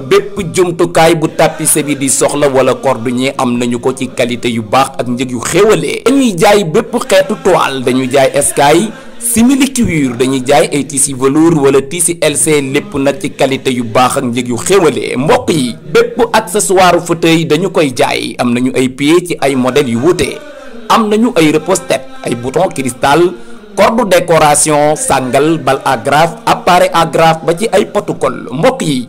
bépp jumtukaay bu tapissé bi di soxla wala ñi am nañu ko ci qualité yu baax ak njëg yu xéwalee dañuy jaay bépp xeetu toile dañu jaay eskay simili cuir dañuy jaay ay tissu velours wala tissu LC lépp nag ci qualité yu baax ak njëg yu xéwale mbokk yi bépp accessoire fauteuil dañu koy jaay am nañu ay pie ci ay modèles yu wuute am nañu ay repose ay bouton cristal corde décoration sangal bal agrafe appareil agrafe ba ci ay protocole mbokk yi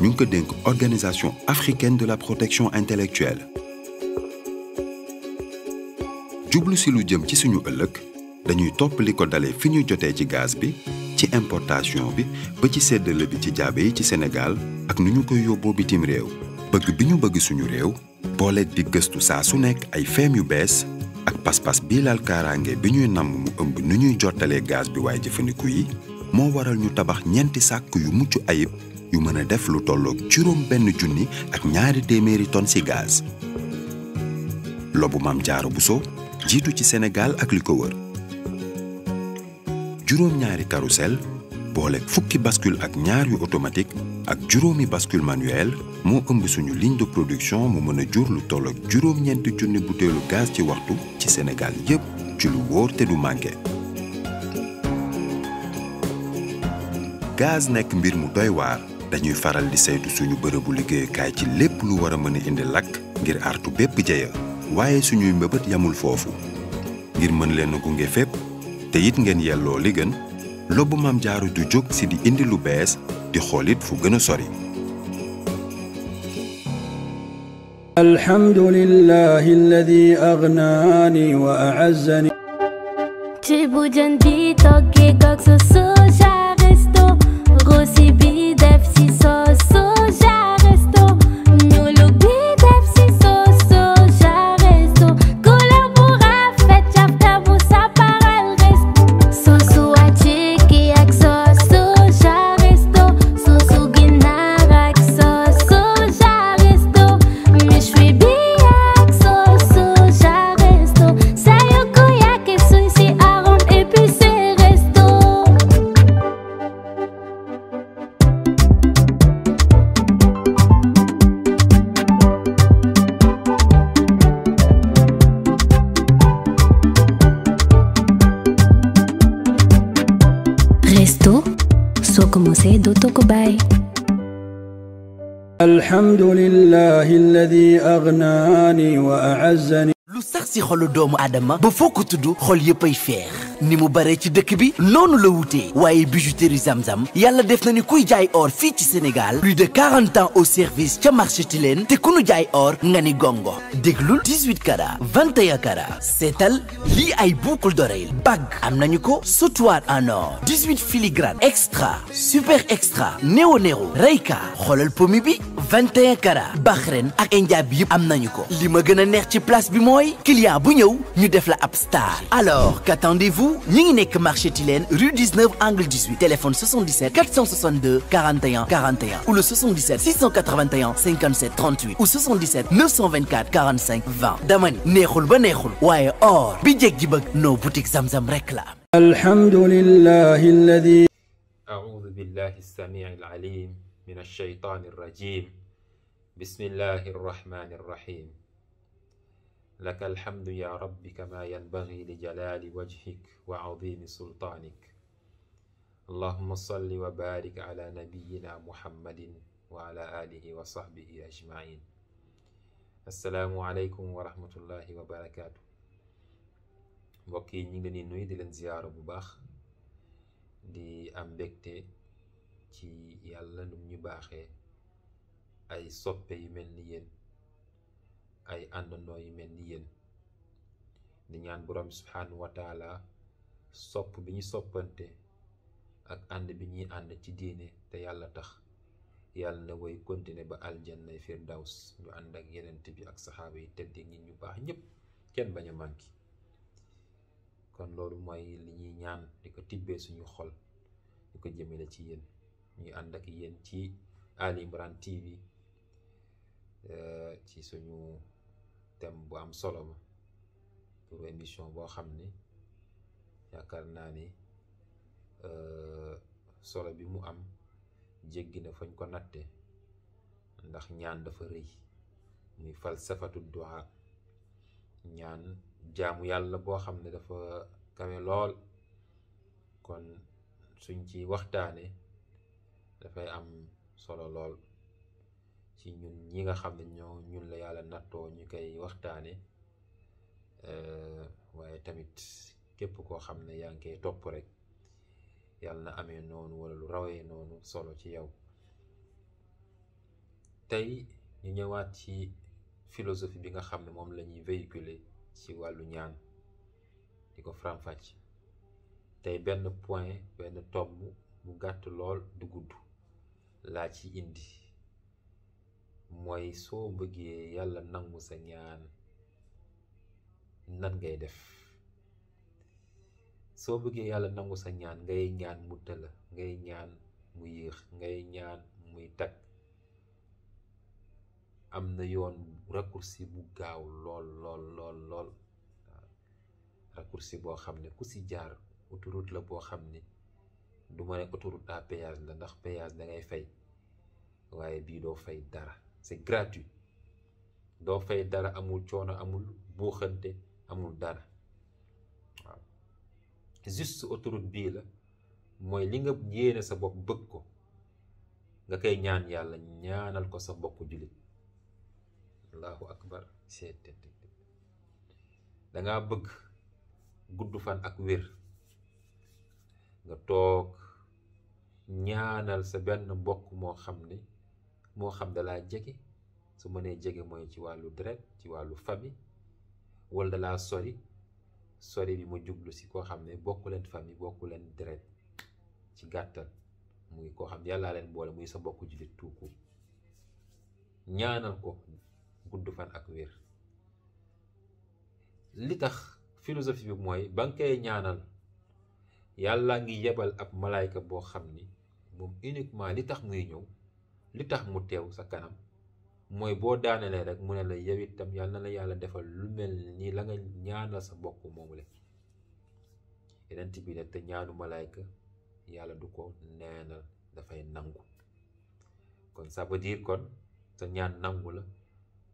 ñu ngi ko dénk organisation africaine de la protection intellectuelle jublu si lu jëm ci suñu ëllëg dañuy topp ko dale fi ñu jotee ci gaz bi ci importation bi ba ci séddale bi ci jaabe yi ci senegal ak nu ñu ko yóbboo bitim réew bëgg bi ñu bëgg suñu réew boole di gëstu saa su nekk ay feem yu bees ak pas bii laal kaaraange bi ñuy namm mu ëmb nu ñuy jottalee gaz bi waaye jëfandiku yi moo waral ñu tabax ñeenti sàkk yu mucc ayib yu mën a def lu tolloog juróom benn junni ak ñaari téeméeri tonnes ci gaz. lobu maam jaaro buso jiitu ci senegal ak li ko wër juróom ñaari carrousel boole fukki bascule ak ñaar yu automatique ak juróomi bascule manuel moo ëmb suñu ligne de production mu mën a jur lu toll ak juróom-ñeenti junni butéelu gaas ci waxtu ci senegal yépp ci lu wóor te du manqué. gaz nekk mbir mu doy waar. dañuy faral di saytu suñu bërëbu liggéeyukaay ci lépp lu war a mën indi lakk ngir artu bépp jeya waaye suñuy mbëbët yamul foofu ngir mën leen a gunge fépp te it ngeen yelloo li gën lobbu maam jaaru du jóg si di indi lu bees di xoolit fu gën a sori alhamdulillahi alladi agnaani wa a'azzani تقباي الحمد لله الذي أغناني وأعزني lu sax si xolu doomu aadama ba foo ko tudd xol yëpp ay feex ni mu bare ci dëkk bi noonu la wutee waaye bijouterie zamzam yalla def na ni kuy jaay or fii ci Sénégal plus de 40 ans au service ca marché Tilène te ku nu jaay or nga ni gongo déglul 18 carats 21 carats seetal lii ay boucle d'oreille bag am nañu ko sautoir en or 18 filigrane extra super extra néo néo reyka xoolal pomi bi 21 carats Bahreïn ak India bi yëpp am nañu ko li ma gën a neex ci place bi mooy client bu ñëw ñu def la ab star alors qu'attendez-vous tout ñi ngi nekk marché Tilène rue 19 angle 18 téléphone 77 462 41 41 ou le 77 681 57 38 ou 77 924 45 20 dama ni neexul ba neexul waaye or bi jég ji bëgg noo boutique Zamzam rek la alhamdulillahi alladi أعوذ بالله السميع العليم من الشيطان الرجيم بسم الله الرحمن الرحيم laka alhamdu ya rabbi kama yanbaghi li jalaali wajhik wa azimi sultaanik allahuma salli wa barik ala nabiyina muhammadin wa ala alihi wa sahbihi ajmain assalaamu aleykum wa rahmatullahi wa barakaatu mbokk yi ñu ngi leen di nuyu di leen ziyaara bu baax di am mbégte ci yàlla num ñu baaxee ay soppe yu mel ni yéen ay àndandoo yi mel ni yéen di ñaan borom bi subhaanahu sopp bi ñu soppante ak ànd bi ñuy ànd ci diine te yàlla tax yàlla na woy continuer ba aljanna firdaws ñu ànd ak yenent bi ak saxaaba yi tedd nit baax ñëpp kenn bañ a manki kon loolu mooy li ñuy ñaan di ko tibbee suñu xol di ko jëmale ci yéen ñuy ànd ak yéen ci Ali Imran TV eh, ci suñu thème bu am solo ma pour émission boo xam ne yaakaar naa ni euh, solo bi mu am jéggi na fañ ko natte ndax ñaan dafa rëy muy falsafatu du'a ñaan jaamu yàlla boo xam ne dafa kawe lool kon suñ ci waxtaane dafay am solo lool ci ñun ñi nga xam ne ñoo ñun la yàlla nattoo ñu koy waxtaane euh, waaye tamit képp koo xam ne yaa ngi koy topp rek yàlla na amee noonu wala lu rawee noonu solo ci yow tey ñu ñëwaat ci philosophie bi nga xam ne moom lañuy ñuy véhiculer ci wàllu ñaan di ko faramfàcc tey benn point benn tomb mu gàtt lool du gudd laa ci indi mooy soo bëggee yàlla nangu sa ñaan nan ngay def soo bëggee yàlla nangu sa ñaan ngay ñaan mu tëla ngay ñaan mu yéex ngay ñaan muy tag am na yoon raccourci bu gaaw lool lool lool lool boo xam ne ku si jaar autoroute la boo xam ne du ma ne autoroute à péage la ndax péage dangay ngay fay waaye bii doo fay dara c'est gratuit doo fay dara amul coono amul buuxante amul dara waaw juste autoroute bii la mooy li nga yéene sa bopp bëgg ko nga koy ñaan yàlla ñaanal ko sa bokk jullit allahu akbar dangaa bëgg gudd fan ak wér nga toog ñaanal sa benn bokk moo xam ne moo xam dalaa jege su ma nee jege mooy ci wàllu deret ci wàllu famille wala dalaa sori sori bi mu jublu si koo xam ne bokku leen famille bokku leen deret ci gàttal ngi koo xam ne yàllaa leen boole muy sa mbokku jullit tuuku ñaanal ko gudd fan ak wér li tax philosophie bi mooy ba nga koy ñaanal yàlla ngi yebal ab malaayka boo xam ni moom uniquement li tax muy ñëw li tax mu teew sa kanam mooy boo daanelee rek mu ne la yow itam yàlla na la yàlla defal lu mel nii la nga ñaanal sa mbokk moomu la bi te ñaanu malaayka yàlla du ko neenal dafay nangu kon ça veut kon sa ñaan nangu la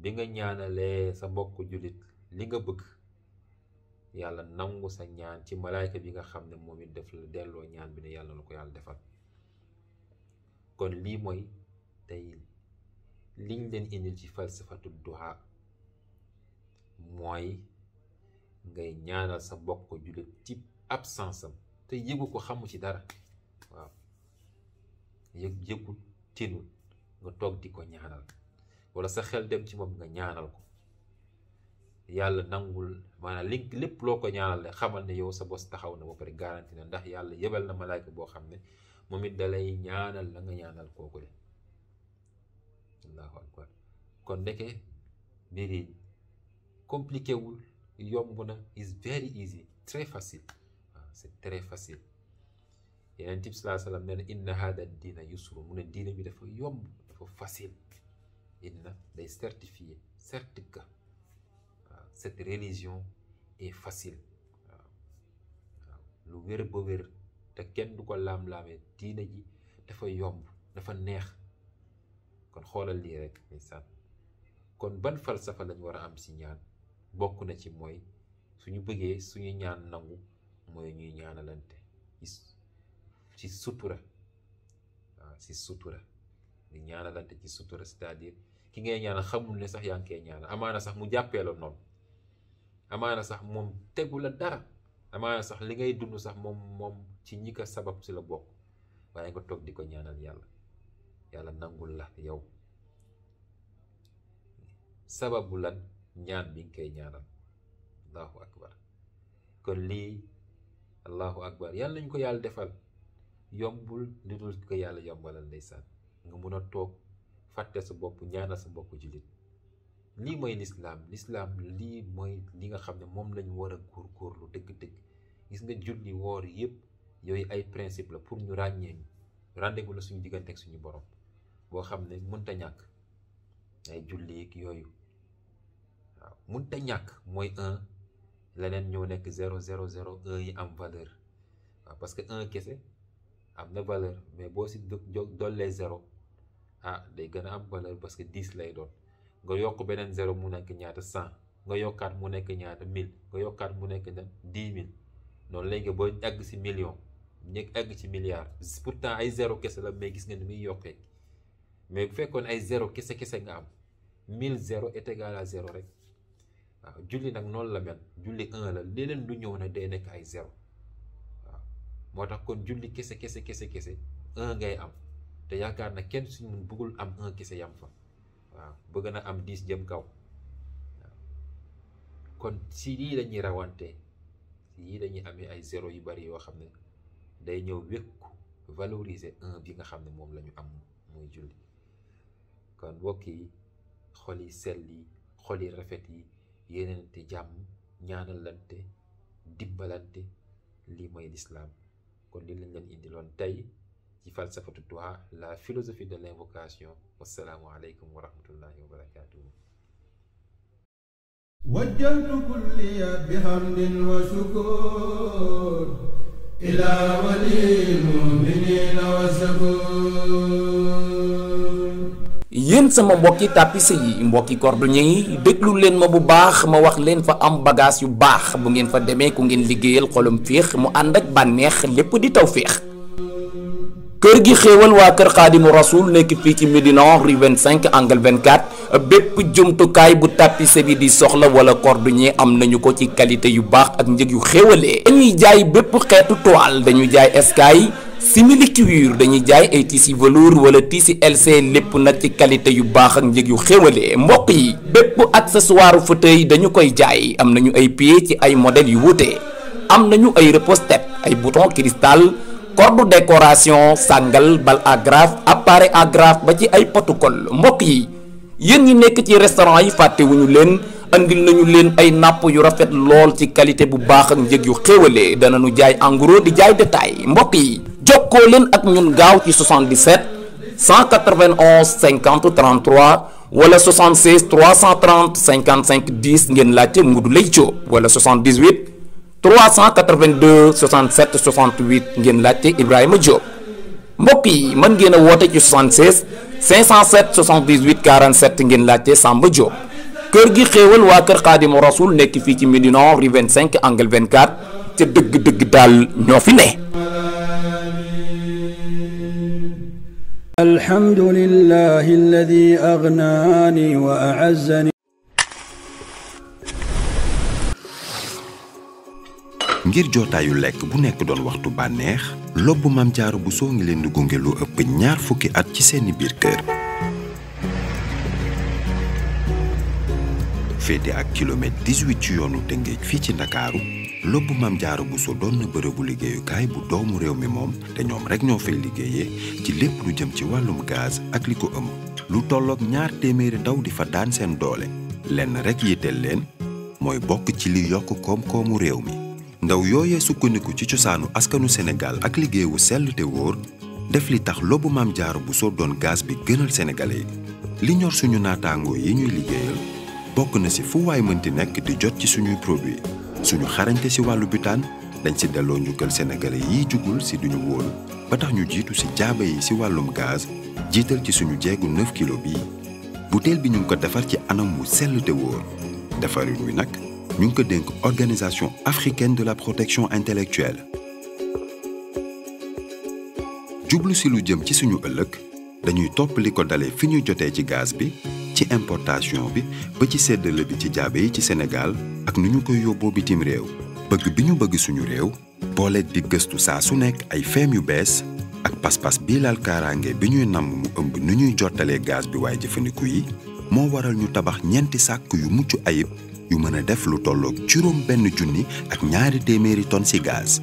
bi nga ñaanalee sa mbokk jullit li nga bëgg yàlla nangu sa ñaan ci malaayka bi nga xam ne moom it def la delloo ñaan bi ne yàlla na ko yàlla defal kon lii mooy tey liñ leen indil ci falsafatu duha mooy ngay ñaanal sa bokk jullit ci absence am te yëgu ko xamu ci dara waaw yëg yëgul tinul nga toog di ko ñaanal wala sa xel dem ci moom nga ñaanal ko yàlla nangul maanaam li lépp loo ko ñaanal ne xamal ne yow sa bos taxaw na ba pare garanti na ndax yàlla yebal na malaayka boo xam ne moom it dalay ñaanal la nga ñaanal kooku de allahu akbar kon ndeke mbir yi wul yomb na is very easy très facile yeneen tib salaa salaam nee na inna hada diina yusru mu ne diina bi dafa yomb dafa facile inna day certifié certi que ah, cette religion est facile ah, lu wér ba wér te kenn du ko laam-laamee diina ji dafa yomb dafa neex kon xoolal lii rek ndeysaan kon ban falsafa lañ war a am si ñaan bokk na ci mooy suñu bëggee suñu ñaan nangu mooy ñuy ñaanalante ci sutura waaw ah, si sutura di ñaanalante ci sutura ki ngay ñaanal xamul ne sax yaa ngi koy ñaanal amaana sax mu jàppee la noonu amaana sax moom tegu la dara amaana sax li ngay dund sax moom moom ci ñi sabab si la bokk waaye nga toog di ko ñaanal yàlla yàlla nangul la yow sababu lan ñaan bi nga koy ñaanal allahu akbar kon lii allahu akbar yàlla nañ ko yàlla defal yombul lu dul ko yàlla yombalal ndeysaan nga mun a toog fàtte sa bopp ñaanal sa mbokk jullit lii mooy lislaam lislaam lii mooy li nga xam ne moom lañu war a góor góorgóorlu dëgg-dëgg gis nga julli woor yëpp yooyu ay principe la pour ñu ràññee ñu rendez la suñu diggante ak suñu borom boo xam ne mënta ñàkk ay jullit yooyu waaw mënta ñàkk mooy un leneen ñëw nekk zéro zéro zéro un yi am valeur parce que un kese am na valeur mais boo si dollee zéro ah day gën a am valeur parce que dix lay doon nga yokk beneen zéro mu nekk ñaata cent nga yokkaat mu nekk ñaata mille nga yokkaat mu nekk ñaata dix mille noonu léegi boo egg si million ñu egg ci pour temps ay zéro kese la mais gis nga ni muy yokkee. mais bu fekkoon ay zéro kese kese nga am mille zéro est égal zéro rek waaw julli nag noonu la mel julli un la leneen lu ñëw nag day nekk ay zéro waaw moo tax kon julli kese kese kese kese un ngay am te yaakaar na kenn suñu mun bëggul am un kese yam fa waaw bëgg na am dix jëm kaw kon si lii lañuy rawante yii dañuy amee ay zéro yu bari yoo xam ne day ñëw wékku valoriser un bi nga xam ne moom la ñu am muy julli kon mbokk yi xol yi sell yi xol yi rafet yi yéenante jàmm ñaanalante dimbalante lii mooy lislaam kon li lañ leen indiloon tey ci falsafatu duha la philosophie de l'invocation wassalaamu aleykum wa rahmatullahi wa barakatuhu وجهت كلي بحمد وشكر إلى ولي المؤمنين وسكون yéen sama mbokki tapis yi mbokki cordonnier yi déglu leen ma bu baax ma wax leen fa am bagage yu baax bu ngeen fa demee ku ngeen liggéeyal xolum féex mu ànd ak bànneex lépp di taw feex kër gi xéewal waa kër xaadimu rasul nekk fii ci Médina rue 25 angle 24 bépp jumtukaay bu tapissier bi di soxla wala cordonnier am nañu ko ci qualité yu baax ak njëg yu xéewalee dañuy jaay bépp xeetu toile dañu jaay eskay simili cuir dañuy jaay ay tissu velours wala tissu LC lépp nag ci qualité yu baax ak njëg yu xéwalee mbokk yi bépp accessoire fauteuil dañu koy jaay am nañu ay pieds ci ay modèles yu wuute am nañu ay repose ay bouton cristal corde décoration sàngal bal agrafe appareil agrafe ba ci ay protocole mbokk yi yéen ñi nekk ci restaurant yi fàttewuñu leen andil nañu leen ay napp yu rafet lool ci qualité bu baax ak njëg yu xéwalee danañu jaay en di jaay détail mbokk yi. jokkoo leen ak ñun gaaw ci 77 191 50 33 wala 76 330 55 10 ngeen laajte Modou Leye Diop wala 78 382 67 68 ngeen laajte Ibrahima Diop mbokk yi mën ngeen a woote ci 76 507 78 47 ngeen laajte Samba Diop kër gi xéewal waa kër Xaadimu Rasuul nekk fii ci Médina rue 25 angle 24 te dëgg-dëgg daal ñoo fi ne. الحمد لله الذي أغناني وأعزني ngir jotaayu lekk bu nekk doon waxtu bànneex lobb Maam bu soo ngi leen di gunge lu ëpp ñaar fukki at ci seeni biir kër féete ak kilomètre ci yoonu Tëngéej fii ci Ndakaaru lobbu maam jaaro buso doon na bërëbu liggéeyukaay bu doomu réew mi moom te ñoom rek ñoo fay liggéeyee ci lépp lu jëm ci wàllum gaz ak li ko ëmb lu tolloog ñaar téeméeri ndaw di fa daan seen doole lenn rek yitteel leen mooy bokk ci li yokk koom-koomu réew mi ndaw yooyee sukkandiku ci cosaanu askanu Sénégal ak liggéeyu sell te wóor def li tax lobbu maam jaaro buso doon gaz bi gënal sénégalais li ñor suñu naataangoo yi ñuy liggéeyal bokk na si fu waay mënti nekk di jot ci suñuy produit suñu xarañte ci wàllu butaan dañ ci delloo njukkal sénégalais yiy jugul ci duñu wóolu ba tax ñu jiitu ci jaaba yi ci wàllum gaz jiital ci suñu jéegu 9 kilo bii butéel bi ñu ngi ko defar ci anam wu sell te wóor defarin wi nag ñu ngi ko dénk organisation africaine de la protection intellectuelle jublu si lu jëm ci suñu ëllëg dañuy topp li ko dalee fi ñu jotee ci gaz bi ci importation bi ba ci séddale bi ci jaabe yi ci senegaal ak nu ñu koy yóbboo bitim réew bëgg bi ñu bëgg suñu réew booleet di gëstu saa su nekk ay feem yu bees ak pas bii lal kaaraange bi ñuy namm mu ëmb nu ñuy jottalee gaz bi waaye jëfandiku yi moo waral ñu tabax ñeenti sàkk yu mucc ayib yu mën a def lu tollook juróom benn junni ak ñaari téeméeri tonnes ci gaz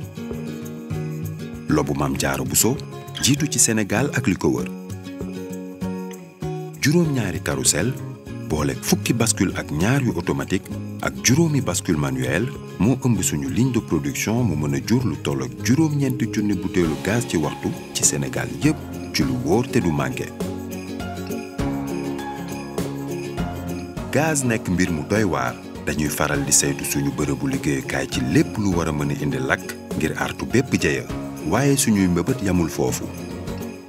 lobu jaaro bu Buso jiitu ci Sénégal ak li ko wër juróom-ñaari carrousel boole fukki baskul ak ñaar yu automatique ak juróomi baskul manuel moo ëmb suñu ligne de production mu mën a jur lu toll ak juróom-ñeenti junni butéelu gaz ci waxtu ci senegal yépp ci lu wóor te du manqué. gaz nekk mbir mu doy waar dañuy faral di saytu suñu bërëbu liggéeyukaay ci lépp lu war a mën a indi lakk ngir artu bépp jeya waaye suñuy mbëbët yamul foofu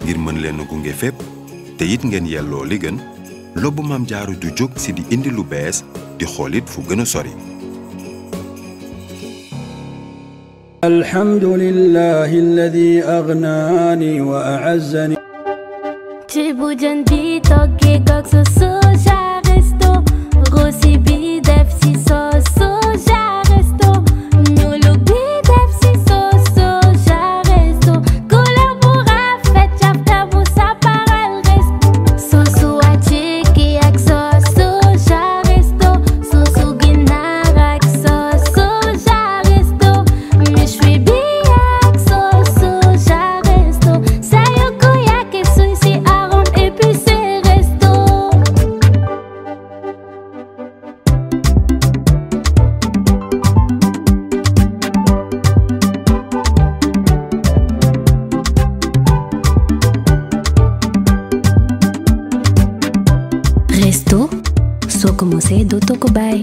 ngir mën leen a gunge fépp. te it ngeen yelloo li gën lobbu maam jaaru du jóg si di indi lu bees di xoolit fu gën a sori. alhamdulillahi alladi agnaani wa aazani. du Tocobay.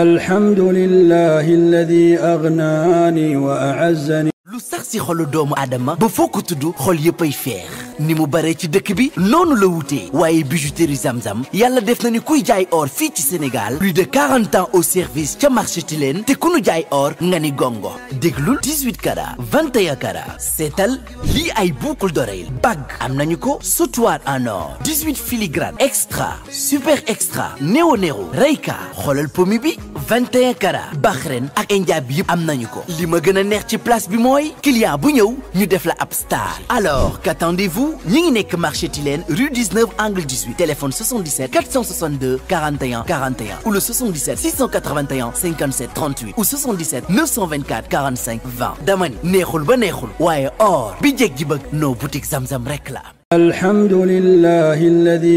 alhamdulillahi alladi agnaani wa a'azzani lu sax si xolu doomu aadama ba foo ko tudd xol yëpp ay feex ni mu bare ci dëkk bi noonu la wutee waaye bijouterie Zamzam yalla def na ni kuy jaay or fii ci Sénégal plus de 40 ans au service ca marché Tilène te ku nu jaay or nga ni gongo déglul 18 carats 21 carats seetal lii ay boucle d'oreille bag am nañu ko sautoir en or 18 filigrane extra super extra néo néo reyka xoolal pomi bi 21 carats Bahreïn ak India bi yëpp am nañu ko li ma gën a neex ci place bi mooy client bu ñëw ñu def la ab star alors qu'attendez-vous nous ñi ngi nekk marché Tilène rue 19 angle 18 téléphone 77 462 41 41 ou le 77 681 57 38 ou 77 924 45 20 dama ni neexul ba neexul waaye or bi jeg ji bëgg noo boutique Zamzam rek la alhamdulillahi alladi